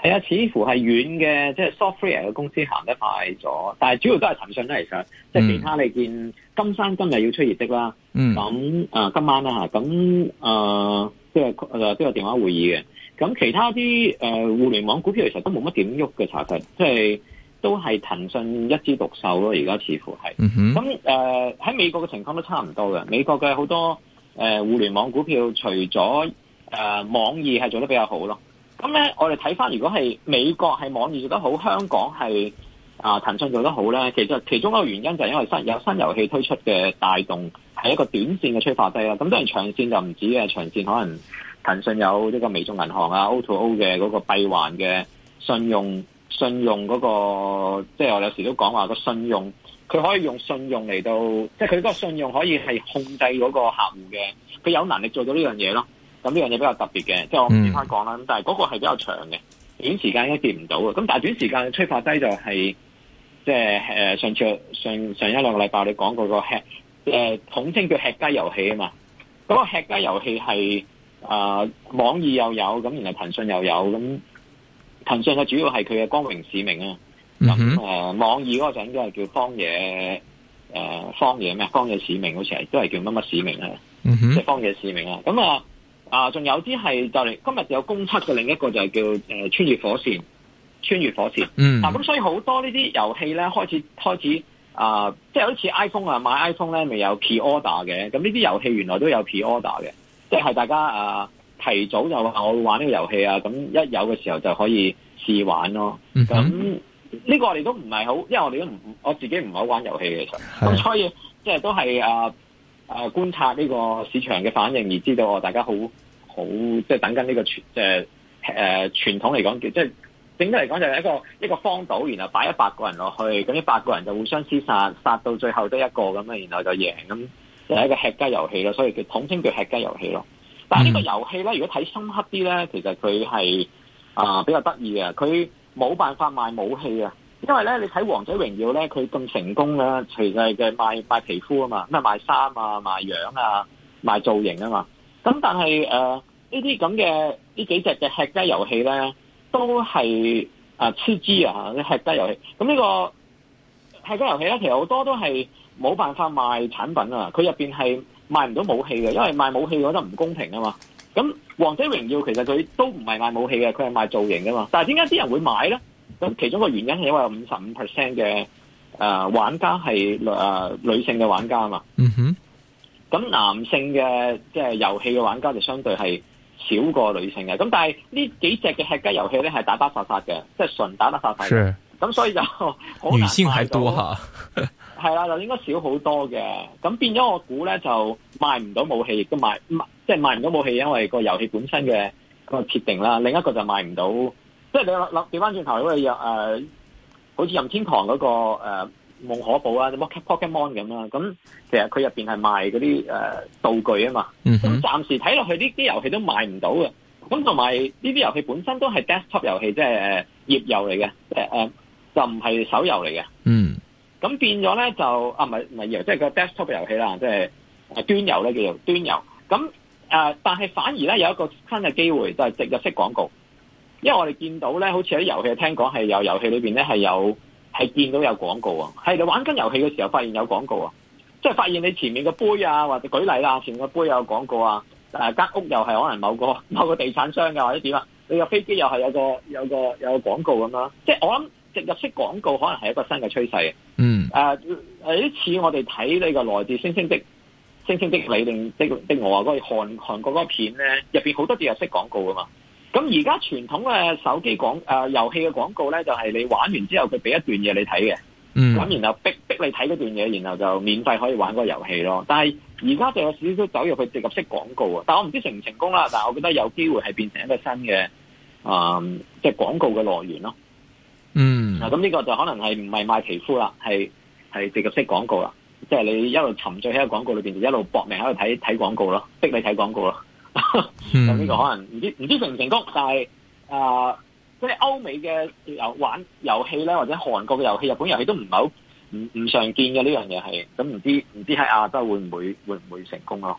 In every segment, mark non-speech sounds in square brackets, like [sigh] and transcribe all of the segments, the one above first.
係啊，似乎係遠嘅，即、就、係、是、software 嘅公司行得快咗，但係主要都係騰訊都係上，即係其他你見金山今日要出業績啦，咁、嗯、啊、呃、今晚啦、啊、吓，咁誒即係誒都有電話會議嘅，咁其他啲誒、呃、互聯網股票其實都冇乜點喐嘅，查實即係都係騰訊一枝獨秀咯，而家似乎係，咁誒喺美國嘅情況都差唔多嘅，美國嘅好多誒、呃、互聯網股票除咗誒、呃、網易係做得比較好咯。咁咧，我哋睇翻，如果係美國係網易做得好，香港係啊騰訊做得好咧，其實其中一個原因就係因為新有新遊戲推出嘅帶動，係一個短線嘅催化劑啦。咁當然長線就唔止嘅，長線可能騰訊有呢個微眾銀行啊，O to O 嘅嗰個閉環嘅信用、信用嗰個，即係我有時都講話個信用，佢可以用信用嚟到，即係佢呢個信用可以係控制嗰個客戶嘅，佢有能力做到呢樣嘢咯。咁呢樣嘢比較特別嘅、嗯，即係我唔知點翻講啦。但係嗰個係比較長嘅，短時間應該見唔到嘅。咁但係短時間嘅催化劑就係、是，即係、呃、上次上，上一兩個禮拜你講過個吃誒、呃、統稱叫吃雞遊戲啊嘛。嗰、那個吃雞遊戲係啊網易又有，咁然後騰訊又有咁。騰訊嘅主要係佢嘅光榮使命啊。咁、嗯、啊、呃、網易嗰陣都係叫荒野誒荒野咩啊？荒野使命好似係都係叫乜乜使命啊？即係荒野使命啊。咁、嗯、啊～啊，仲有啲係就嚟今日有公測嘅另一個就係叫誒穿、呃、越火線，穿越火線。嗯，嗱、啊、咁所以好多呢啲遊戲咧開始開始啊，即係好似 iPhone 啊買 iPhone 咧未有 pre-order 嘅，咁呢啲遊戲原來都有 pre-order 嘅，即、就、係、是、大家啊、呃、提早就話我會玩呢個遊戲啊，咁一有嘅時候就可以試玩咯。咁、嗯、呢個我哋都唔係好，因為我哋都唔我自己唔係玩遊戲嘅，所以即係都係啊。呃啊！觀察呢個市場嘅反應，而知道大家好好即係等緊呢個傳即係誒傳統嚟講叫，即係整體嚟講就係一個一個荒島，然後擺一百個人落去，咁啲八個人就互相廝殺，殺到最後得一個咁啊，然後就贏咁，就係一個吃雞遊戲咯。所以佢統稱叫吃雞遊戲咯。但係呢個遊戲咧，如果睇深刻啲咧，其實佢係啊比較得意啊，佢冇辦法賣武器啊。因為咧，你睇《王者榮耀》咧，佢咁成功呢，其實嘅賣賣皮膚啊嘛，咩賣衫啊、賣樣啊、賣造型啊嘛。咁但係誒、呃、呢啲咁嘅呢幾隻嘅吃雞遊戲咧，都係、呃、啊黐枝啊吓，啲吃雞遊戲。咁、這個、呢個吃雞遊戲咧，其實好多都係冇辦法賣產品啊。佢入邊係賣唔到武器嘅，因為賣武器我覺得唔公平啊嘛。咁《王者榮耀》其實佢都唔係賣武器嘅，佢係賣造型噶嘛。但係點解啲人會買咧？其中個原因係因為有五十五 percent 嘅誒玩家係誒、呃、女性嘅玩家嘛，嗯哼，咁男性嘅，即係遊戲嘅玩家就相對係少過女性嘅，咁但係呢幾隻嘅吃雞遊戲咧係打打殺殺嘅，即係純打打殺殺嘅，咁所以就好 [laughs] [laughs] 難賣到女性還多吓，係 [laughs] 啦，就應該少好多嘅，咁變咗我估咧就賣唔到武器，亦都賣即係賣唔、就是、到武器，因為個遊戲本身嘅個設定啦，另一個就賣唔到。即係你諗諗，調翻轉頭，如、呃、果好似任天堂嗰、那個誒、呃、夢可寶啊、呃、，Pokemon 咁啊，咁其實佢入邊係賣嗰啲誒道具啊嘛。咁暫時睇落去呢啲遊戲都賣唔到嘅。咁同埋呢啲遊戲本身都係 desktop 遊戲，即係頁遊嚟嘅，即、呃、係就唔係手遊嚟嘅。嗯。咁變咗咧就啊，唔係唔係遊，即係個、就是、desktop 遊戲啦，即、就、係、是、端遊咧叫做端遊。咁誒、呃，但係反而咧有一個新嘅機會，就係植入式廣告。因為我哋見到呢，好似喺遊戲，聽講係有遊戲裏面呢，係有係見到有廣告啊，係你玩緊遊戲嘅時候發現有廣告啊，即係發現你前面個杯啊，或者舉例啊，前面個杯有廣告啊，誒、呃、間屋又係可能某個某個地產商嘅或者點啊，你個飛機又係有個有個有廣告咁樣，即係我諗植入式廣告可能係一個新嘅趨勢嘅。嗯。誒、呃，有次我哋睇呢個來自星星的星星的你定的的我嗰、那個韓國嗰個片呢，入面好多啲植入式廣告噶嘛。咁而家傳統嘅手機廣誒、呃、遊戲嘅廣告咧，就係、是、你玩完之後佢俾一段嘢你睇嘅，咁、mm. 然後逼逼你睇嗰段嘢，然後就免費可以玩個遊戲咯。但係而家就有少少走入去植入式廣告啊，但係我唔知成唔成功啦。但係我覺得有機會係變成一個新嘅啊、呃，即係廣告嘅來源咯。嗯、mm. 啊、咁、這、呢個就可能係唔係賣皮膚啦，係係植入式廣告啦，即、就、係、是、你一路沉醉喺個廣告裏邊，就一路搏命喺度睇睇廣告咯，逼你睇廣告咯。咁呢個可能唔知唔知成唔成功，但係啊，即係歐美嘅遊玩遊戲咧，或者韓國嘅遊戲、日本遊戲都唔係好唔唔常見嘅呢樣嘢係，咁唔知唔知喺亞洲會唔會會唔會成功咯？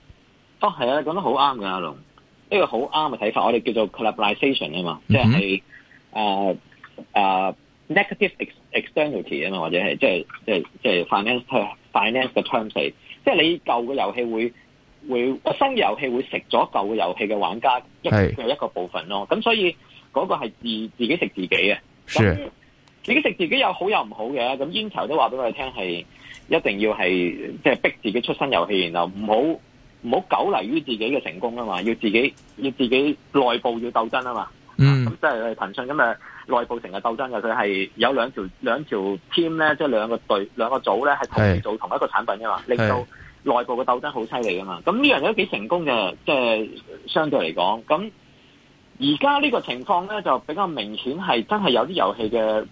哦，係啊，講得好啱嘅阿龍，呢個好啱嘅睇法。我哋叫做 collaboration 啊嘛，即係誒誒 negative externality 啊嘛，或者係即係即係即係 finance finance 嘅 terms 即係你舊嘅遊戲會會新嘅遊戲會食咗舊嘅遊戲嘅玩家一個,一個一個部分咯。咁所以嗰個係自自己食自己嘅。自己食自,自,自己有好有唔好嘅。咁 Intel 都話俾我哋聽係一定要係即係逼自己出新遊戲，然後唔好。唔好拘泥於自己嘅成功啊嘛，要自己要自己內部要鬥爭啊嘛，咁即係騰訊咁嘅內部成日鬥爭嘅，佢係有兩條兩條 team 咧，即係兩個隊兩個組咧，係同時做同一個產品嘅嘛，令到內部嘅鬥爭好犀利啊嘛，咁呢樣嘢都幾成功嘅，即係相對嚟講，咁而家呢個情況咧就比較明顯係真係有啲遊戲嘅、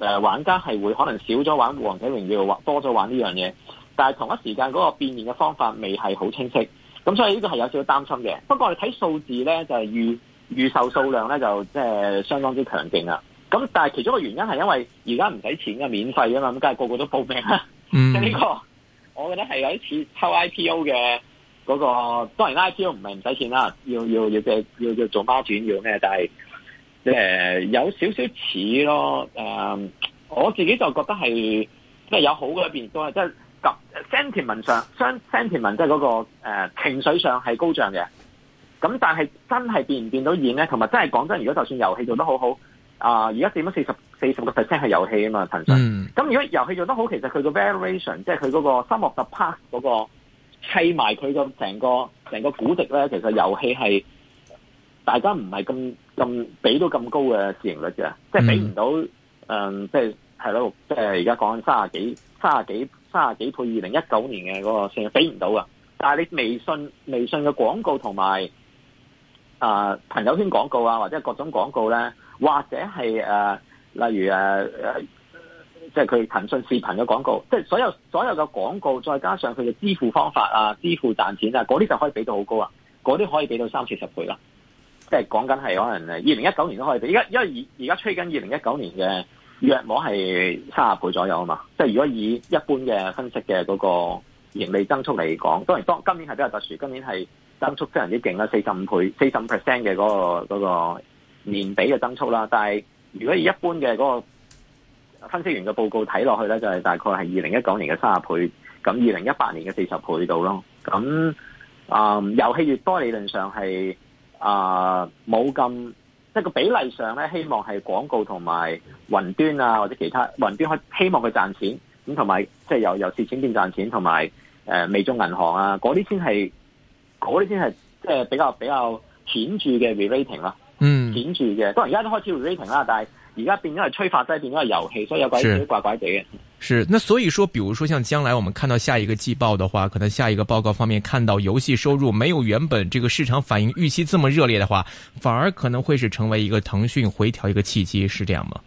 呃、玩家係會可能少咗玩王者榮耀，或多咗玩呢樣嘢。但係同一時間嗰個變現嘅方法未係好清晰，咁所以呢個係有少少擔心嘅。不過我哋睇數字咧，就係預預售數量咧就即係相當之強勁啊！咁但係其中個原因係因為而家唔使錢嘅免費啊嘛，咁梗係個個都報名啦。呢、嗯 [laughs] 呢個我覺得係有啲似抽 IPO 嘅嗰、嗰個，當然 IPO 唔係唔使錢啦，要要要要要做孖展要咩？但係即係有少少似咯、呃。我自己就覺得係即係有好嘅一邊，都係即係。咁 sentiment 上，sentiment 即係嗰個、呃、情緒上係高漲嘅。咁但係真係變唔變到現咧？同埋真係講真，如果就算遊戲做得好好，啊而家佔咗四十四十個 percent 係遊戲啊嘛，騰訊。咁、mm. 如果遊戲做得好，其實佢個 valuation 即係佢嗰個 sum of the parts 嗰個砌埋佢個成個成個估值咧，其實遊戲係大家唔係咁咁俾到咁高嘅市盈率嘅，即係俾唔到誒，即係係咯，即係而家講緊三啊幾三啊幾。卅幾倍二零一九年嘅嗰、那個成日，畀唔到噶。但係你微信微信嘅廣告同埋啊朋友圈廣告啊，或者各種廣告咧，或者係誒、呃、例如誒誒，即係佢騰訊視頻嘅廣告，即、就、係、是、所有所有嘅廣告，再加上佢嘅支付方法啊、支付賺錢啊，嗰啲就可以畀到好高啊，嗰啲可以畀到三四十倍啦、啊，即係講緊係可能二零一九年都可以畀。而家因為而而家吹緊二零一九年嘅。約摸係三十倍左右啊嘛，即係如果以一般嘅分析嘅嗰個盈利增速嚟講，當然當今年係比較特殊，今年係增速非常之勁啦，四十五倍、四十五 percent 嘅嗰個、嗰個年比嘅增速啦。但係如果以一般嘅嗰個分析員嘅報告睇落去咧，就係、是、大概係二零一九年嘅三十倍，咁二零一八年嘅四十倍度咯。咁啊，遊、呃、戲越多理論上係啊冇咁。呃即係個比例上咧，希望係廣告同埋雲端啊，或者其他雲端開，希望佢賺錢咁，同埋即係由由蝕錢變賺錢，同埋誒微眾銀行啊，嗰啲先係嗰啲先係即係比較比較顯著嘅 re-rating 啦、啊，顯著嘅，當然而家都開始 re-rating 啦、啊，但係而家變咗係催化劑，變咗係遊戲，所以有鬼鬼怪怪地嘅。是，那所以說，比如說，像將來我們看到下一個季報的話，可能下一個報告方面看到遊戲收入沒有原本這個市場反應預期這麼熱烈的話，反而可能會是成為一個騰訊回調一個契機，是這樣嗎？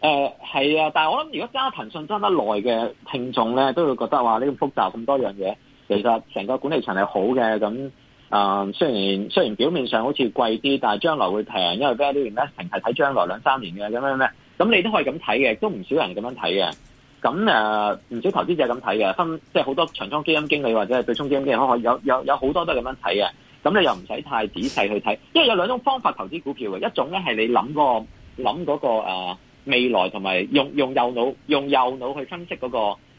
誒、呃，係啊，但係我諗如果加騰訊加得耐嘅聽眾咧，都會覺得話呢個複雜咁多樣嘢，其實成個管理層係好嘅，咁啊、呃、雖然雖然表面上好似貴啲，但係將來會平，因為 value investing 係睇將來兩三年嘅咁樣咩？咁你都可以咁睇嘅，都唔少人咁樣睇嘅。咁誒，唔少投資者咁睇嘅，分即係好多長倉基金經理或者對沖基金經理，經可有有有好多都咁樣睇嘅。咁你又唔使太仔細去睇，因為有兩種方法投資股票嘅。一種咧係你諗、嗰個諗嗰個未來同埋用用右腦用右腦去分析嗰、嗰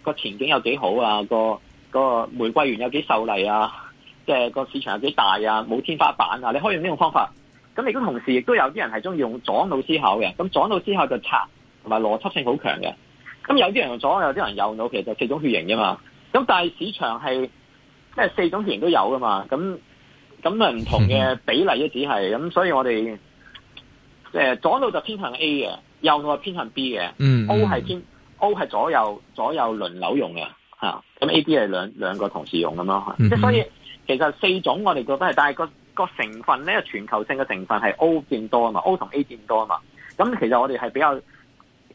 個個前景有幾好啊？個個玫瑰園有幾秀麗啊？即、就、係、是、個市場有幾大啊？冇天花板啊？你可以用呢種方法。咁你咁同時亦都有啲人係中意用左腦思考嘅，咁左腦思考就拆同埋邏輯性好強嘅。咁有啲人用左，有啲人右腦，其實就四種血型㗎嘛。咁但係市場係即係四種血型都有㗎嘛。咁咁啊唔同嘅比例一只係咁，所以我哋、呃、左腦就偏向 A 嘅，右腦就偏向 B 嘅、mm -hmm.，O 係偏 O 係左右左右輪流用嘅嚇咁 A、B、啊、係兩,兩個同時用咁咯。即、mm、係 -hmm. 所以其實四種我哋覺得係，大個、那個。個成分咧，全球性嘅成分係 O 變多啊嘛，O 同 A 變多啊嘛。咁其實我哋係比較誒、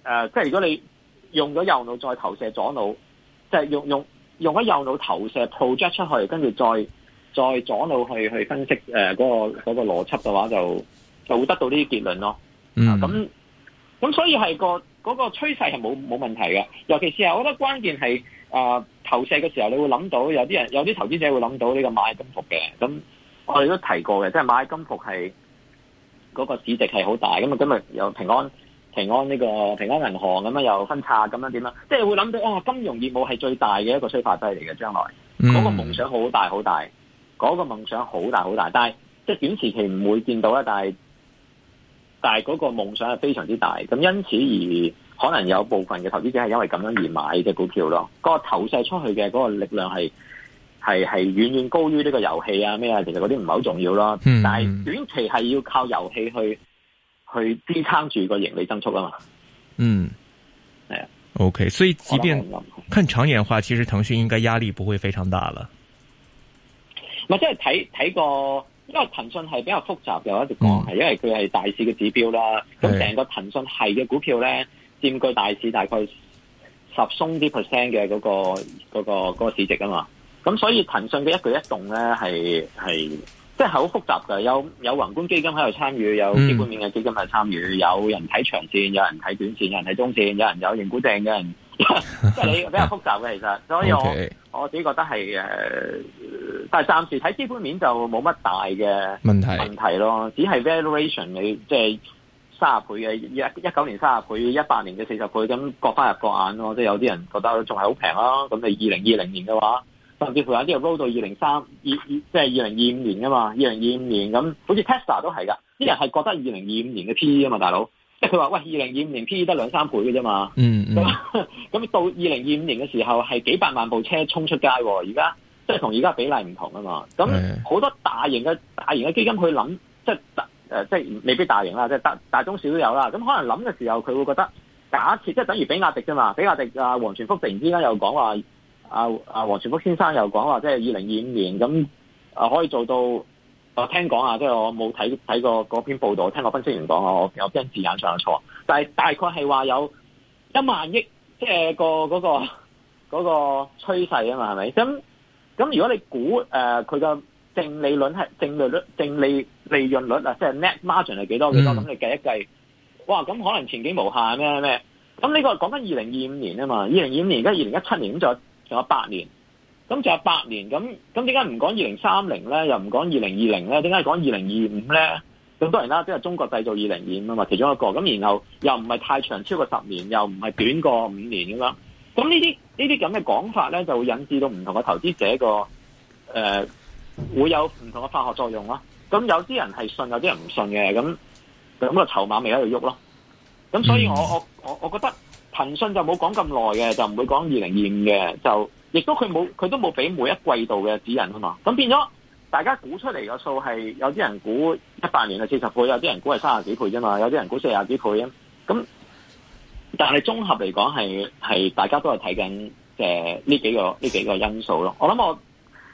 呃，即係如果你用咗右腦再投射左腦，即、就、係、是、用用用咗右腦投射 project 出去，跟住再再左腦去去分析誒嗰、呃那個嗰、那個邏輯嘅話就，就就會得到呢啲結論咯。嗯、mm. 啊，咁咁所以係個嗰、那個趨勢係冇冇問題嘅。尤其是係我覺得關鍵係誒、呃、投射嘅時候，你會諗到有啲人有啲投資者會諗到呢個螞蟻金服嘅咁。我哋都提過嘅，即係螞蟻金服係嗰、那個市值係好大，咁啊今日有平安、平安呢、這個平安銀行咁樣有分拆，咁樣點啦？即係會諗到哇、哦，金融業務係最大嘅一個催化劑嚟嘅，將來嗰、那個夢想好大好大，嗰、那個夢想好大好大，但係即係短時期唔會見到啦，但係但係嗰個夢想係非常之大，咁因此而可能有部分嘅投資者係因為咁樣而買隻股票咯，那個投射出去嘅嗰個力量係。係係遠遠高於呢個遊戲啊咩啊，其實嗰啲唔係好重要咯、嗯。但係短期係要靠遊戲去、嗯、去支撐住個盈利增速啊嘛。嗯，係啊。O、okay, K，所以即便看長遠話，其實騰訊應該壓力不會非常大啦。唔、嗯、係，即係睇睇過因為騰訊係比較複雜，又一直講係，因為佢係大市嘅指標啦。咁、嗯、成個騰訊係嘅股票咧，佔據大市大概十鬆啲 percent 嘅嗰個嗰、那個嗰、那個市值啊嘛。咁所以騰訊嘅一舉一動咧係係即係好複雜㗎。有有宏觀基金喺度參與，有基本面嘅基金係參與，嗯、有人睇長線，有人睇短線，有人睇中，中線，有人有認股證嘅，即係你比較複雜嘅其實。 [laughs] 所以我我自己覺得係、呃、但係暫時睇基本面就冇乜大嘅問題囉。咯，只係 valuation 你即係三十倍嘅一一九年三十倍，一八年嘅四十倍，咁各花入各眼咯。即係有啲人覺得仲係好平囉。咁你二零二零年嘅話，甚至乎有啲人 roll 到二零三二二，即係二零二五年噶嘛，二零二五年咁，好似 Tesla 都係噶，啲人係覺得二零二五年嘅 PE 啊嘛，大佬，即係佢話喂，二零二五年 PE 得兩三倍嘅啫嘛，嗯，咁、嗯、咁 [laughs] 到二零二五年嘅時候係幾百萬部車衝出街，哦，而家即係同而家比例唔同啊嘛，咁好、嗯、多大型嘅大型嘅基金佢諗，即係誒、呃、即係未必大型啦，即係大大,大中小都有啦，咁可能諗嘅時候佢會覺得，假設即係等於比亞迪啫嘛，比亞迪啊王傳福突然之間又講話。啊啊，黃、啊、全福先生又講話，即係二零二五年咁啊，可以做到。我聽講啊，即係我冇睇睇過嗰篇報道，聽個分析員講，我有啲字眼上有錯，但係大概係話有一萬億，即係個嗰個嗰個趨勢啊嘛，係咪？咁咁如果你估誒佢嘅淨利率係淨利率、淨利利潤率啊，即係 net margin 係幾多幾、嗯、多？咁你計一計，哇！咁可能前景無限咩咩？咁呢個講緊二零二五年啊嘛，二零二五年而家二零一七年咁就。有八年，咁仲有八年，咁咁點解唔講二零三零咧？又唔講二零二零咧？點解講二零二五咧？咁當然啦，即係中國製造二零二五啊嘛，其中一個咁，然後又唔係太長超過十年，又唔係短過五年咁樣，咁呢啲呢啲咁嘅講法咧，就會引致到唔同嘅投資者個誒會有唔同嘅化學作用咯。咁有啲人係信，有啲人唔信嘅，咁咁個籌碼咪喺度喐咯。咁所以我我我我覺得。騰訊就冇講咁耐嘅，就唔會講二零二五嘅，就亦都佢冇佢都冇俾每一季度嘅指引啊嘛。咁變咗大家估出嚟嘅數係，有啲人估一八年係四十倍，有啲人估係三十幾倍啫嘛，有啲人估四十幾倍啊。咁但係綜合嚟講係係大家都係睇緊誒呢幾個呢幾個因素咯。我諗我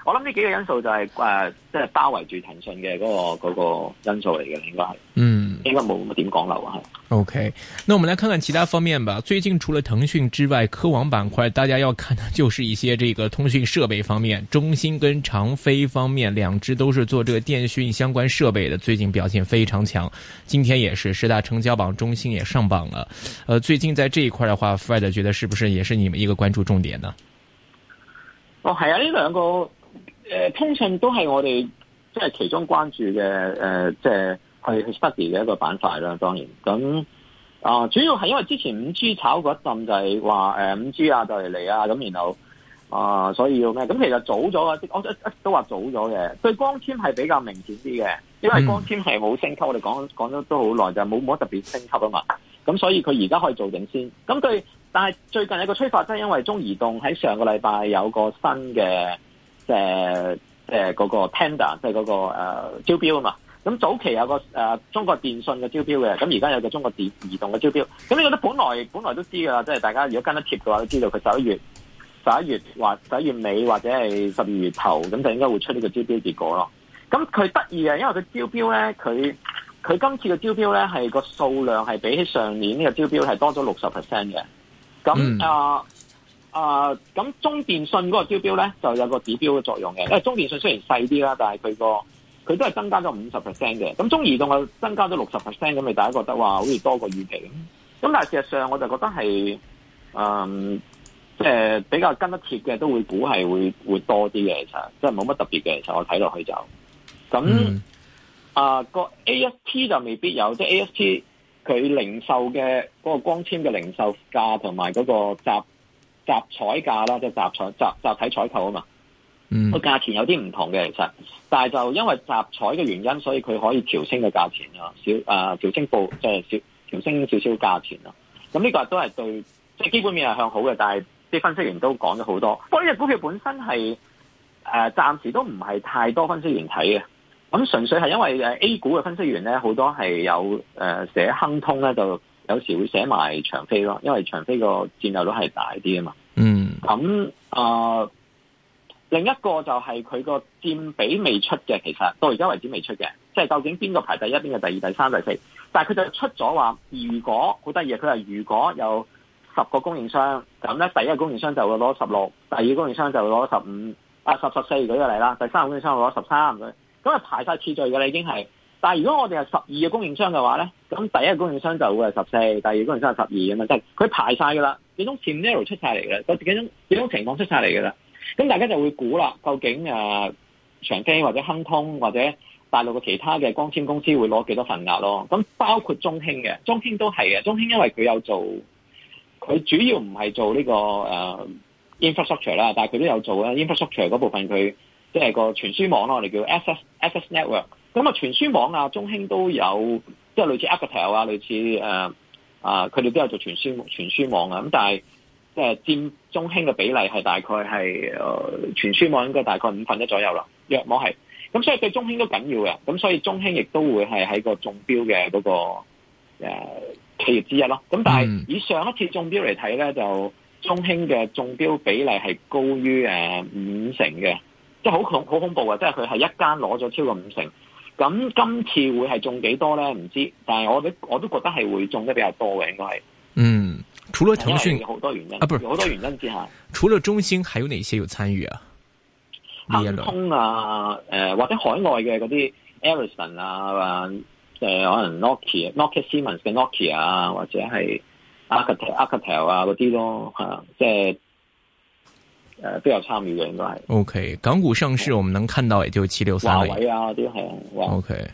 我諗呢幾個因素就係誒即係包圍住騰訊嘅嗰個嗰個因素嚟嘅，應該係嗯。應該冇冇點講漏啊，係。OK，那我們來看看其他方面吧。最近除了騰訊之外，科網板塊大家要看的，就是一些這個通訊設備方面，中興跟長飛方面，兩隻都是做這個電訊相關設備的，最近表現非常強。今天也是十大成交榜，中興也上榜了。呃，最近在這一塊的話，Fred 覺得是不是也是你們一個關注重點呢？哦，係啊，呢兩個、呃、通訊都係我哋即係其中關注嘅誒即係。呃就是係 study 嘅一個板塊啦，當然咁啊，主要係因為之前五 G 炒嗰陣就係話誒五 G 啊就嚟嚟啊咁，那然後啊所以要咩？咁其實早咗啊，我、啊、都話早咗嘅。對光纖係比較明顯啲嘅，因為光纖係冇升級，我哋講講咗都好耐，就冇冇乜特別升級啊嘛。咁所以佢而家可以做定先。咁對，但係最近有一個催化，即、就、係、是、因為中移動喺上個禮拜有個新嘅誒誒個 tender，即係嗰個誒、呃、招標啊嘛。咁早期有個、呃、中國電信嘅招標嘅，咁而家有個中國電移動嘅招標。咁你覺得，本來本來都知噶啦，即係大家如果跟得貼嘅話，都知道佢十一月、十一月或十一月尾或者係十二月頭，咁就應該會出呢個招標結果咯。咁佢得意呀，因為佢招標咧，佢佢今次嘅招標咧係個數量係比起上年呢、嗯呃呃、個招標係多咗六十 percent 嘅。咁啊啊，咁中電信嗰個招標咧就有個指標嘅作用嘅，因為中電信雖然細啲啦，但係佢個。佢都係增加咗五十 percent 嘅，咁中移動啊增加咗六十 percent，咁你大家覺得話好似多過預期。咁咁但係事實上我就覺得係，誒、嗯，即、就、係、是、比較跟得貼嘅都會估係會會多啲嘅，其實即係冇乜特別嘅，其實我睇落去就咁、嗯。啊，個 AST 就未必有，即、就、係、是、AST 佢零售嘅嗰、那個光纖嘅零售價同埋嗰個集集採價啦，即係集採集集體採購啊嘛。個、嗯、價錢有啲唔同嘅，其實，但係就因為集採嘅原因，所以佢可以調升嘅價錢調少啊，調升即係調升少少價價錢咁呢個都係對，即係基本面係向好嘅，但係啲分析員都講咗好多。不過呢隻股票本身係誒暫時都唔係太多分析員睇嘅。咁純粹係因為誒 A 股嘅分析員咧，好多係有誒寫、呃、亨通咧，就有時會寫埋長飛咯，因為長飛個佔有率係大啲啊嘛。嗯，咁啊。呃另一個就係佢個佔比未出嘅，其實到而家為止未出嘅，即係究竟邊個排第一，邊個第二、第三、第四？但係佢就出咗話，如果好得意啊，佢話如果有十個供應商咁咧，第一個供應商就會攞十六，第二個供應商就會攞十五，啊十十四舉個例啦，第三個供應商攞十三咁，咁係排晒次序嘅啦，已經係。但係如果我哋係十二個供應商嘅、啊、話咧，咁第一個供應商就會係十四，第二個供應商係十二咁樣，即係佢排晒㗎啦，呢種 scenario 出晒嚟嘅，嗰種嗰種情況出晒嚟㗎啦。咁大家就會估啦，究竟誒、呃、長飛或者亨通或者大陸嘅其他嘅光纖公司會攞幾多份額咯？咁包括中興嘅，中興都係嘅。中興因為佢有做，佢主要唔係做呢、呢個、啊、infrastructure 啦，但係佢都有做 infrastructure 嗰部分。佢即係個傳輸網咯，我哋叫 SS SS network。咁啊，傳輸網啊，中興都有，即係類似 Alcatel 啊，類似誒啊，佢、呃、哋、呃、都有做傳輸傳輸網啊。咁但係。誒佔中興嘅比例係大概係傳輸網應該大概五分一左右啦，約莫係。咁所以對中興都緊要嘅。咁所以中興亦都會係喺個中標嘅嗰個誒企業之一咯。咁但係以上一次中標嚟睇咧，就中興嘅中標比例係高於誒五成嘅，即係好恐好恐怖嘅，即係佢係一間攞咗超過五成。咁今次會係中幾多咧？唔知。但係我都我都覺得係會中得比較多嘅，應該係。除了騰訊、啊、有好多原因啊，好多原因之下、啊，除了中興，還有哪些有參與啊？通啊，誒、呃，或者海外嘅嗰啲 Ericsson 啊，誒、呃呃，可能 Nokia Norkia, Architel, Architel、啊、Nokia Siemens 嘅 Nokia 啊，或者係 Arctel、Arctel 啊嗰啲咯，係啦，即係誒都有參與嘅應該係。OK，港股上市，我們能看到也就七六三位啊，啲係啊。O、okay. K，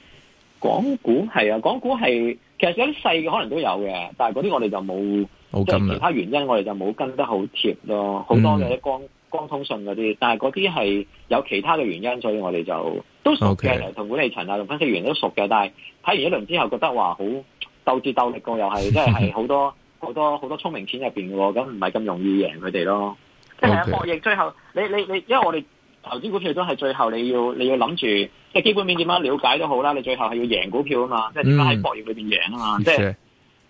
港股係啊，港股係，其實有啲細嘅可能都有嘅，但係嗰啲我哋就冇。即係其他原因，我哋就冇跟得好貼咯。好多嘅光、嗯、光通信嗰啲，但係嗰啲係有其他嘅原因，所以我哋就都熟嘅，同、Okay. 管理層啊，同分析員都熟嘅。但係睇完一輪之後，覺得話好鬥智鬥力過，又係即係好多好 [laughs] 多好多，多聰明錢入面喎，咁唔係咁容易贏佢哋咯。即係博弈最後，你你你，因為我哋投資股票都係最後你，你要你要諗住即係基本面點樣了解都好啦。你最後係要贏股票啊嘛，即係點解喺博弈裏邊贏啊嘛，即係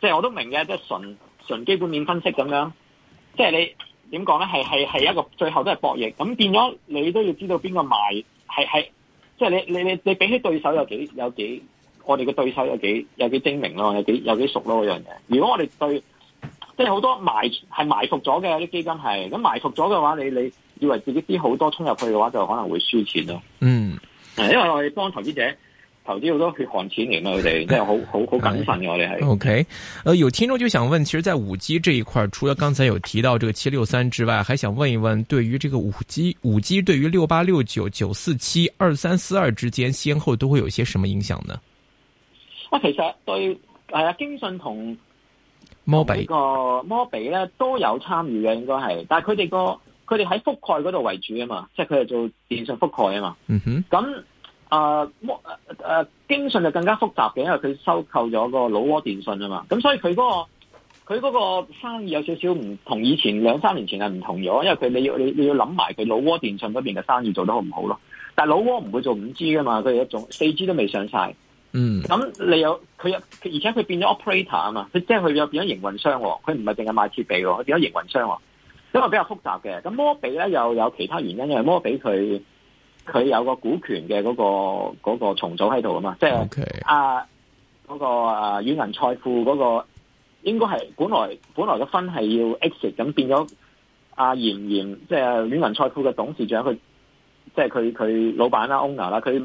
即係我都明嘅，即係純。純基本面分析咁樣，即係你點講咧？係係係一個最後都係博弈，咁變咗你都要知道邊個埋。係係，即係、即係、你你你你比起對手有幾有幾，我哋嘅對手有幾有幾精明咯，有幾有幾，有幾熟咯嗰樣嘢。如果我哋對，即係好多埋係埋伏咗嘅啲基金係，咁埋伏咗嘅話，你你以為自己啲好多衝入去嘅話，就可能會輸錢咯。嗯，因為我哋幫投資者。投資好多血汗錢嚟嘛，佢、啊、哋即係好好好謹慎，啊、我哋係、啊。OK，誒，有聽眾就想問，其實，在五 G 這一塊，除了剛才有提到這個七六三之外，還想問一問，對於這個五 G，五 G 對於六八六九九四七二三四二之間先後都會有些什麼影響呢？我、啊、其實對係啊，京信同摩比個摩比咧都有參與嘅，應該係，但係佢哋個佢哋喺覆蓋嗰度為主啊嘛，即係佢哋做電信覆蓋啊嘛。嗯哼，咁。啊摩誒、啊啊、京信就更加複雜嘅，因為佢收購咗個老窩電信啊嘛，咁所以佢嗰、嗰個佢嗰個生意有少少唔同，以前兩三年前係唔同咗，因為佢你要你你要諗埋佢老窩電信嗰邊嘅生意做得好唔好咯。但係老窩唔會做五 G 噶嘛，佢哋一種四 G 都未上曬。Mm. 嗯，咁你有佢有，而且佢變咗 operator 啊嘛，佢即係佢又變咗營運商喎，佢唔係淨係賣設備喎，佢變咗營運商喎，因為比較複雜嘅。咁摩比咧又有其他原因嘅，因為摩比佢。佢有個股權嘅嗰、嗰個嗰、嗰個重組喺度啊嘛，即係、okay. 啊嗰、嗰個啊遠銀財富嗰個應該係本來本來嘅分係要 exit 咁變咗，阿嚴嚴即係遠、啊、銀財富嘅董事長，佢即係佢佢老闆啦、owner 啦，佢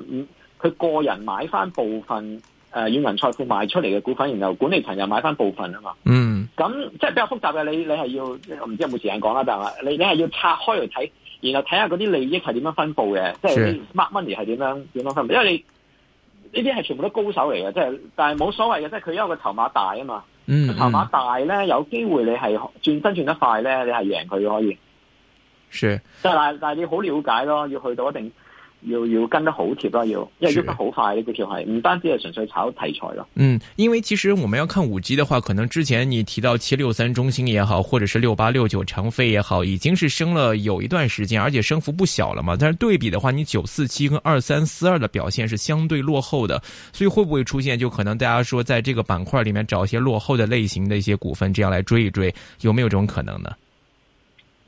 佢個人買返部分誒遠、呃、銀財富賣出嚟嘅股份，然後管理層又買返部分啊嘛。嗯、mm.，咁即係比較複雜嘅，你你係要我唔知有冇時間講啦，但係你你係要拆開嚟睇。然後睇下嗰啲利益係點樣分佈嘅，即係 smart money 係點樣點樣分佈，因為你呢啲係全部都高手嚟嘅，即係但係冇所謂嘅，即係佢因為個籌碼大啊嘛，嗯，籌碼大咧有機會你係轉身轉得快咧，你係贏佢可以。是，即係但但係你好了解咯，要去到一定。要要跟得好貼啦，要因為喐得好快呢個條係，唔單止係純粹炒題材咯。嗯，因為其實我們要看五 G 的話，可能之前你提到七六三中興也好，或者是六八六九長飛也好，已經是升了有一段時間，而且升幅不小了嘛。但是對比的話，你九四七跟二三四二的表現是相對落後的，所以會不會出現就可能大家說，在這個板塊裏面找一些落後的類型的一些股份，這樣來追一追，有沒有這種可能呢？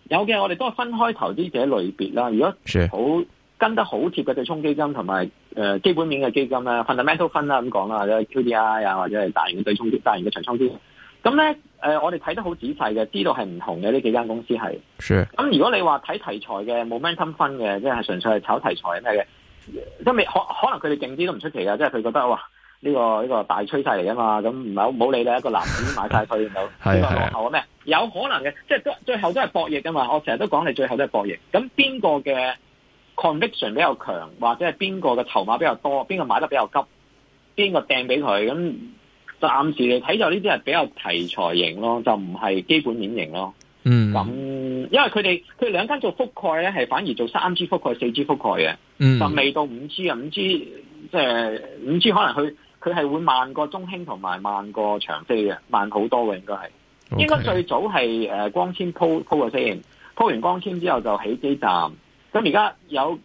有嘅，我哋都係分開投資者類別啦。如果好。跟得好貼嘅對沖基金同埋誒基本面嘅基金咧，fundamental 分啦，咁講啦，或者 QDII 啊，或者係大型嘅對沖、大型嘅長倉基金。咁咧誒，我哋睇得好仔細嘅，知道係唔同嘅呢幾間公司係。咁、sure. 如果你話睇題材嘅 momentum 分嘅，即係純粹係炒題材咩嘅，因為可可能佢哋勁啲都唔出奇啊，即係佢覺得哇呢、呢個呢、呢個大趨勢嚟啊嘛，咁唔好唔好理你一個藍字買晒佢就落後咩？ [laughs] 有可能嘅，即係最後都係博弈噶嘛。我成日都講你最後都係博弈。咁邊個嘅？Conviction 比較強，或者係邊個嘅籌碼比較多，邊個買得比較急，邊個掟俾佢咁。暫時嚟睇就呢啲係比較題材型咯，就唔係基本面型咯。Mm. 嗯，咁因為佢哋佢兩間做覆蓋咧，係反而做三 G 覆蓋四 G 覆蓋嘅，mm. 就未到五 G 啊。五 G，即係五 G 可能佢佢係會慢過中興同埋慢過長飛嘅，慢好多嘅應該係，應該、okay. 最早係誒光纖鋪鋪過先，鋪完光纖之後就起基站。咁而家有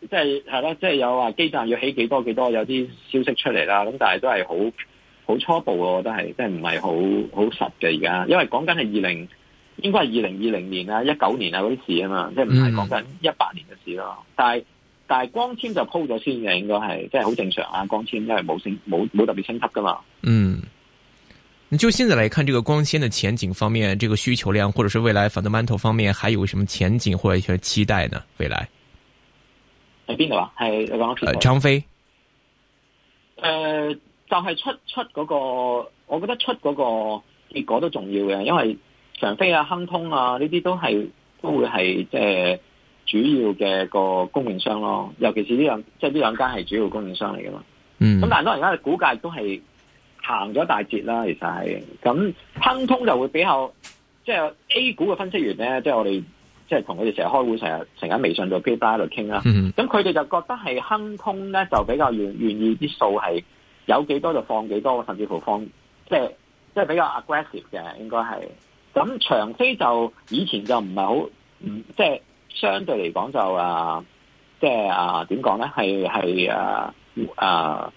即係係咯，即係有話基站要起幾多幾多，有啲消息出嚟啦。咁但係都係好好初步咯，我覺得係，即係唔係好好實嘅而家。因為講緊係二零，應該係二零二零年啊，一九年啊嗰啲事啊嘛，即係唔係講緊一八年嘅事咯，mm.。但係但係光纖就鋪咗先嘅，應該係，即係好正常啊。光纖因為冇升冇冇特別升級噶嘛。嗯、mm.。就現在來看，這個光纖的前景方面，這個需求量，或者是未來 fundamental 方面，還有什麼前景或者一些期待呢？未來係邊度啊？係你講啊？長飛誒，就係、是、出出、嗰個，我覺得出嗰個結果都重要嘅，因為長飛啊、亨通啊呢啲都係都會係即係主要嘅個供應商咯，尤其是呢兩即係呢兩間係主要的供應商嚟噶嘛。嗯，咁但係當然啦，股價都係。行咗大截啦，其實係咁，亨通就會比較即係、就是、A 股嘅分析員咧，即、就、係、是、我哋即係同佢哋成日開會，成日成日喺微信度傾啦。咁佢哋就覺得係亨通咧就比較願意啲數係有幾多就放幾多，甚至乎放即係即係比較 aggressive 嘅，應該係。咁長飛就以前就唔係好，即、就、係、是、相對嚟講就啊，即係啊點講咧？係係啊啊！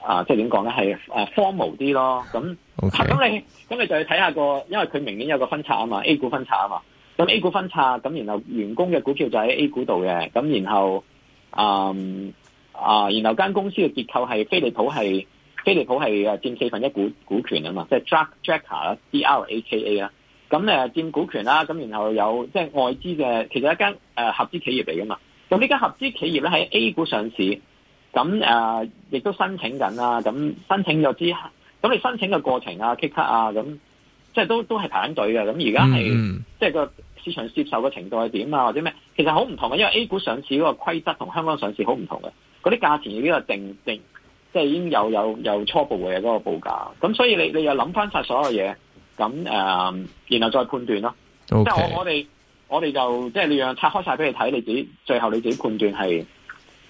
啊，即係點講咧，係誒 formal 啲咯。咁，咁、okay. 你，咁你就去睇下個，因為佢明年有個分拆啊嘛，A 股分拆啊嘛。咁 A 股分拆，咁然後員工嘅股票就喺 A 股度嘅。咁然後，嗯啊，然後間公司嘅結構係飛利浦係，飛利浦係誒佔四分一股股權啊嘛，即、就、係、是、Draka 啦，D.R.A.K.A. 啦。咁誒佔股權啦，咁然後有即係、就是、外資嘅，其實一間誒、呃、合資企業嚟噶嘛。咁呢間合資企業咧喺 A 股上市。咁誒、呃，亦都申請緊啦。咁申請咗之後，咁你申請嘅過程啊、契卡啊，咁即係都都係排緊隊嘅。咁而家係即係個市場接受嘅程度係點啊，或者咩？其實好唔同嘅，因為 A 股上市嗰個規則同香港上市好唔同嘅。嗰啲價錢已經係定定，定，即係已經有有有初步嘅嗰、嗰個報價。咁所以你你又諗翻晒所有嘢，咁誒、呃，然後再判斷咯、okay.。即係我我哋我哋就即係你樣拆開晒俾你睇，你自己最後你自己判斷係。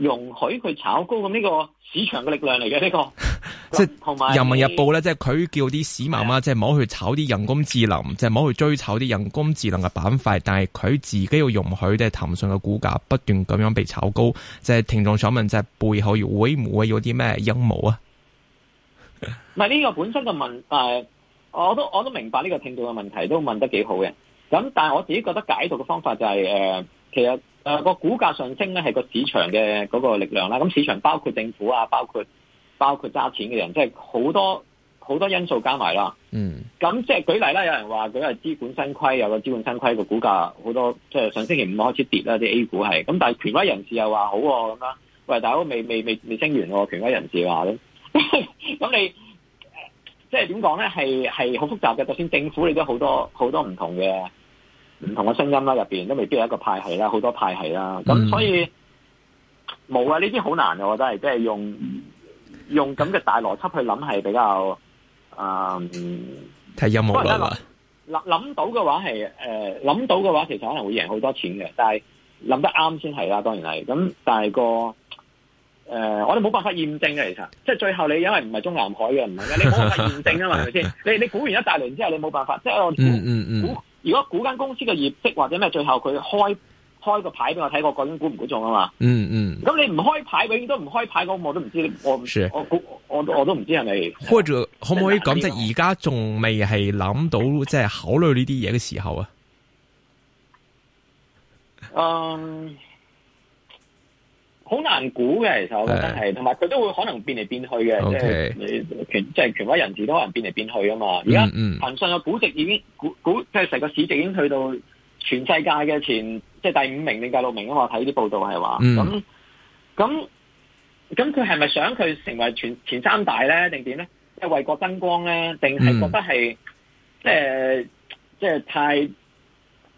容許佢炒高，咁呢個市場嘅力量嚟嘅呢個，即 [laughs] 係《人民日報呢》咧，即係佢叫啲市民啊，即係唔好去炒啲人工智能，即係唔好去追炒啲人工智能嘅板塊，但係佢自己要容許即係騰訊嘅股價不斷咁樣被炒高。即係聽眾想問，即係背後會唔會有啲咩陰謀啊？唔係呢個本身嘅問，誒、呃，我都我都明白呢個聽眾嘅問題都問得幾好嘅。咁但係我自己覺得解讀嘅方法就係，誒、呃，其實。誒、呃，個股價上升咧係個市場嘅嗰個力量啦。咁市場包括政府啊，包括包括揸錢嘅人，即係好多好多因素加埋啦。嗯，咁即係舉例啦，有人話佢係資本新規，有個資本新規個股價好多，即、就、係、是、上星期五開始跌啦啲 A 股係。咁但係權威人士又話好咁、啊、樣，喂，大佬未未未未升完喎、啊？權威人士話咁，咁你即係點講咧？係係好複雜嘅。就算政府你都好多好多唔同嘅。唔同嘅聲音啦，入邊都未必有一個派系啦，好多派系啦，咁所以冇、嗯、啊！呢啲好難嘅，我覺得係即係用用咁嘅大邏輯去諗，係比較啊睇有冇得。諗、呃、諗到嘅話係誒諗到嘅話其實可能會贏好多錢嘅，但係諗得啱先係啦，當然係咁。但係個誒，我哋冇辦法驗證嘅，其實即係最後你因為唔係中南海嘅，唔係嘅，你冇辦法驗證啊嘛，係咪 [laughs] 先？你你估完一大輪之後，你冇辦法，即係我嗯，嗯，嗯如果估間公司嘅業績或者咩，最後佢開開個牌俾我睇過，究竟估唔估中啊嘛？嗯嗯。咁你唔開牌，永遠都唔開牌，個我都唔知。我我我我，我都唔知係咪。開住可唔可以講？即係而家仲未係諗到，即係考慮呢啲嘢嘅時候啊？嗯。好難估嘅，其實我覺得係，同埋佢都會可能變嚟變去嘅，即係你權即係權威人士都可能變嚟變去啊嘛。而家騰訊嘅估值已經估估即係成個市值已經去到全世界嘅前即係、即係、第五名定第六名啊嘛。我睇啲報道係話，咁咁咁佢係咪想佢成為全前三大咧，定點咧？即係為國增光咧，定係覺得係即係即係太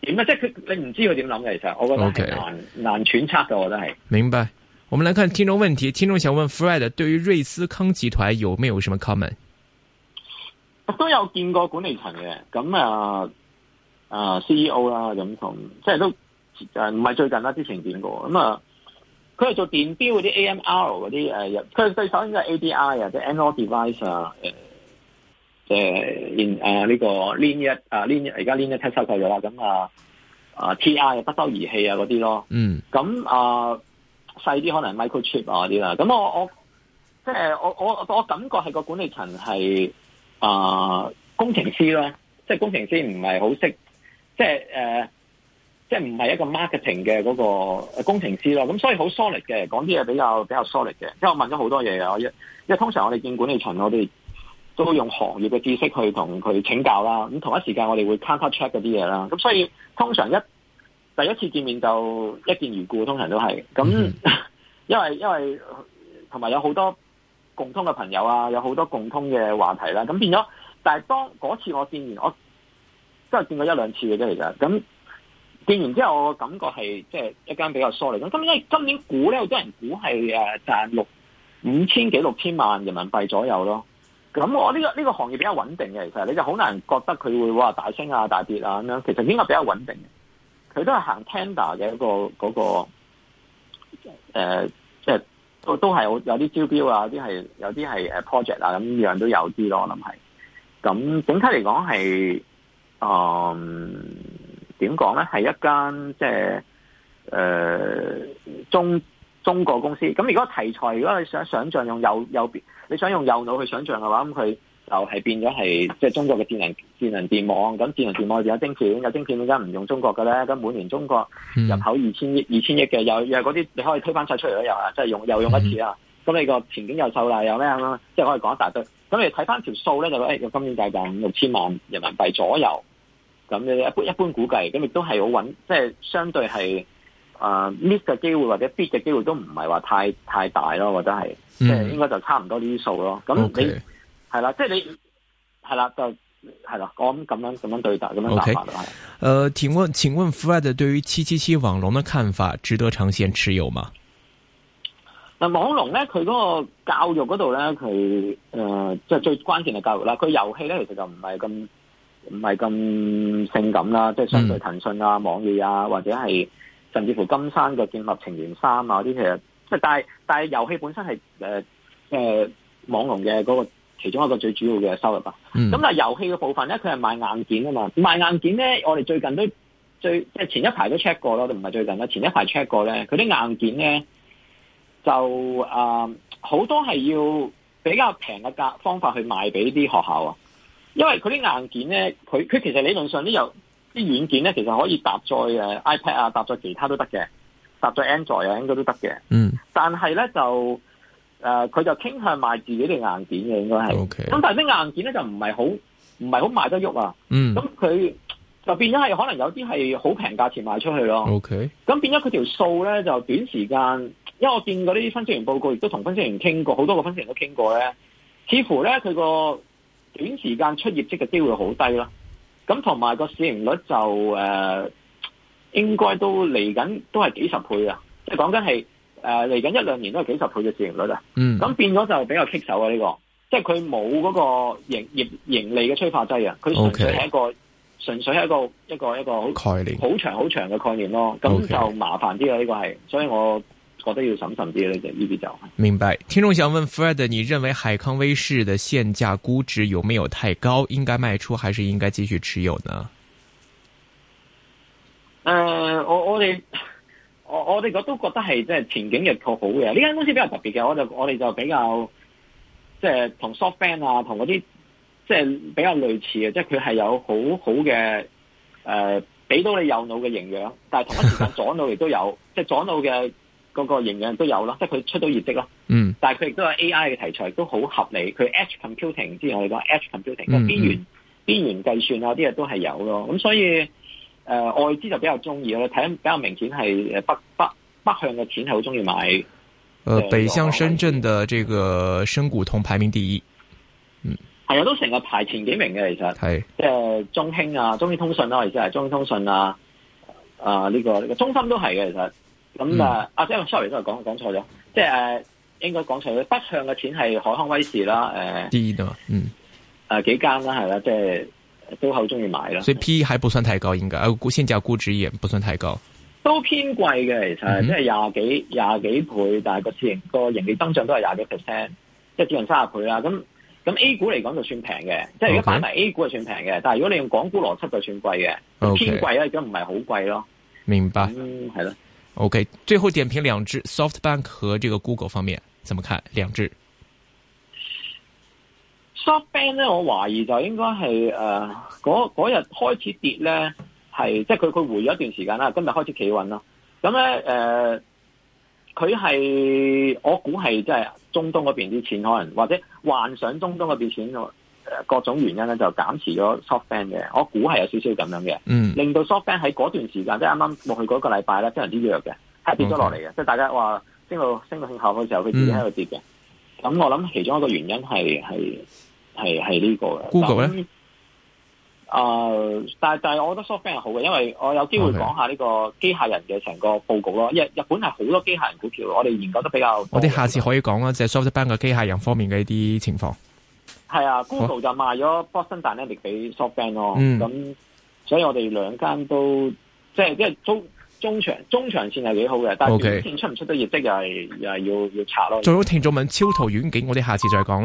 點啊？即係佢你唔知佢點諗嘅，其實我覺得係、okay. 難難揣測嘅，我覺得係明白。我們來看聽眾問題，聽眾想問 Fred，對於瑞思康集團有沒有什麼 comment？我都有見過管理層嘅，咁啊啊 CEO 啦，咁同即係都誒唔係最近啦，之前見過咁啊，佢係做電錶嗰啲 AMR 嗰啲誒，佢、啊、對首先就係 ADI 啊，即係 Android device 啊，誒即誒呢個 liny 啊 liny 而家 lin test 收晒咗啦，咁啊啊 TR 嘅不收儀器啊嗰啲咯，嗯，咁啊。細啲可能 microchip 啊啲啦，咁我我即係、就是、我我我感覺係個管理層係啊、呃、工程師啦，即、就、係、是、工程師唔係好識，即係誒，即係唔係一個 marketing 嘅嗰個工程師咯，咁所以好 solid 嘅，講啲嘢比較比較 solid 嘅，因為我問咗好多嘢啊，因因為通常我哋見管理層，我哋都用行業嘅知識去同佢請教啦，咁同一時間我哋會 counter check 嗰啲嘢啦，咁所以通常一。第一次見面就一見如故，通常都係咁，因為因為同埋有好多共通嘅朋友啊，有好多共通嘅話題啦，啊，咁變咗。但係當嗰次我見完，我都係見過一兩次嘅啫其實。咁見完之後，我感覺係即係一間比較疏離。咁今年今年估咧，好多人估係誒賺六五千幾六千萬人民幣左右咯。咁我呢個呢個行業比較穩定嘅，其實你就好難覺得佢會話大升啊，大跌啊咁樣。其實應該比較穩定。佢都係行 tender 嘅一個嗰個，誒、那個呃，即係都都係有啲招標啊，啲係有啲係誒 project 啊，咁樣都有啲咯，我諗係。咁整體嚟講係，誒點講咧？係一間即係誒、呃、中中國公司。咁如果題材，如果你想想像用右右邊你想用右腦去想像嘅話，咁佢。就係變咗係即係中國嘅智能智能電網，咁智能電網有晶片，有晶片點解唔用中國嘅咧？咁每年中國入口二千億二、嗯、千億嘅，又又嗰啲你可以推翻曬出嚟都有啊，即係、就是、用又用一次、嗯、啊！咁你個前景又秀麗又咩呀？即係、就是、可以講一大堆。咁你睇翻條數咧，就誒用、哎、今年大概五六千萬人民幣左右。咁你一般一般估計，咁亦都係好穩，即、就、係、是、相對係啊 miss 嘅機會或者 bit 嘅機會都唔係話太太大咯，或者係即係應該就差唔多呢啲數咯。咁你。Okay. 係啦，即係你係啦，就係啦，我咁樣咁樣對答咁樣答法、誒，請問，請問 Fred 對於七七七網龍嘅看法，值得長線持有嗎？嗱，網龍咧，佢嗰個教育嗰度咧，佢誒，即、呃、係、就是、最關鍵嘅教育啦。佢遊戲咧，其實就唔係咁唔係咁性感啦，即係相對騰訊啊、網易啊，嗯、或者係甚至乎金山嘅《劍網情緣三》啊，啲其實即係但係但係遊戲本身係誒誒，網龍嘅嗰個。其中一個最主要嘅收入啊，咁、嗯、嗱，遊戲嘅部分咧，佢係賣硬件啊嘛，賣硬件咧，我哋最近都最即係前一排都 check 過咯，都唔係最近啦，前一排 check 過咧，佢啲硬件咧就誒好、呃、多係要比較平嘅價方法去賣俾啲學校啊，因為佢啲硬件咧，佢佢其實理論上咧有啲軟件咧，其實可以搭載 iPad 啊，搭載其他都得嘅，搭載 Android 啊，應該都得嘅，嗯，但係呢，但係咧就。誒、呃，佢就傾向賣自己啲硬件嘅，應該係。咁、okay. 但係啲硬件咧就唔係好，唔係好賣得喐啊。嗯。咁佢就變咗係可能有啲係好平價錢賣出去咯。OK。咁變咗佢條數咧就短時間，因為我見過呢啲分析員報告，亦都同分析員傾過，好多個分析員都傾過咧，似乎咧佢個短時間出業績嘅機會好低咯。咁同埋個市盈率就誒、呃、應該都嚟緊都係幾十倍啊！即係講緊係。誒、啊，嚟緊一兩年都係幾十倍嘅市盈率啊！咁、嗯、變咗就比較棘手啊！呢、這個，即係佢冇嗰個營盈，盈利嘅催化劑啊！佢純粹係一個純、okay, 粹係一個一個一個好概念，好長好長嘅概念咯。咁、okay, 就麻煩啲啊！呢、這個係，所以我覺得要審慎啲咧，就呢啲就。明白，聽眾想問 Fred，你認為海康威視嘅現價估值有沒有太高？應該賣出還是應該繼續持有呢？誒、呃，我我哋。我我我哋個都覺得係即係前景亦確好嘅，呢間公司比較特別嘅，我就我哋就比較即係同 SoftBank 啊，同嗰啲即係比較類似嘅，即係佢係有很好好嘅誒，俾、呃、到你右腦嘅營養，但係同一時間左腦亦都， [laughs] 都有，即係左腦嘅嗰個營養都有啦，即係佢出到業績咯。嗯，但係佢亦都有 A I 嘅題材，都好合理。佢 edge computing 之前我哋講 edge computing 個邊緣邊緣計算啊啲嘢都係有咯，咁、嗯、所以。誒、呃，外資就比較中意啦，睇得比較明顯係北北北向嘅錢係好中意買。誒、呃呃，北向深圳的這個深股通排名第一。嗯，係啊，都成日排前幾名嘅其實係，即係、呃、中興啊，中興通訊啦，亦即係中興通訊啊，啊、呃、呢、這個呢、這個中芯都係嘅其實。咁、嗯嗯、啊，啊 sorry 都係講講錯咗，即係、呃、應該講錯咗，北向嘅錢係海康威視啦，誒、呃，啲嘛嗯，啊、呃、幾間啦係啦，即係。都好中意買啦，所以 PE 還不算太高應該，應、呃、該，呃估現價估值也不算太高，都偏貴嘅其實是、嗯，即係廿幾廿幾倍，但係個市個盈利增長都係廿幾 percent，即係只用卅倍啦、啊。咁咁 A 股嚟講就算平嘅，即係如果擺埋 A 股係算平嘅，okay? 但係如果你用港股邏輯就算貴嘅、okay，偏貴啦，而家唔係好貴咯。明白，係、嗯、咯。OK，最後點評兩隻 SoftBank 和這個 Google 方面，怎麼看兩支？SoftBank 咧，我懷疑就應該係誒嗰日開始跌咧，係即係佢佢回咗一段時間啦。今日開始企穩囉。咁咧誒，佢、呃、係我估係即係中東嗰邊啲錢可能或者幻想中東嗰邊錢、呃、各種原因咧，就減持咗 SoftBank 嘅。我估係有少少咁樣嘅，令、嗯、到 SoftBank 喺嗰段時間即係啱啱落去嗰個禮拜咧，即係非常之弱嘅，係跌咗落嚟嘅。Okay. 即係大家話升到升到興頭嘅時候，佢自己喺度跌嘅。咁、嗯、我諗其中一個原因係。係係呢個 Google 咧，誒、嗯，但係但係，我覺得 SoftBank 係好嘅，因為我有機會講下呢個機械人嘅成個報告咯。日、okay. 日本係好多機械人股票，我哋研究得比較。我哋下次可以講啦，即、就、係、是、SoftBank 嘅機械人方面嘅一啲情況。係啊，Google、okay. 就賣咗 Boxing 大能力俾 SoftBank 咯、嗯。咁，所以我哋兩間都即係即係中中長中長線係幾好嘅，okay. 但係短期出唔出得業績又係又係要要查咯。最好聽眾問超圖軟件，我哋下次再講。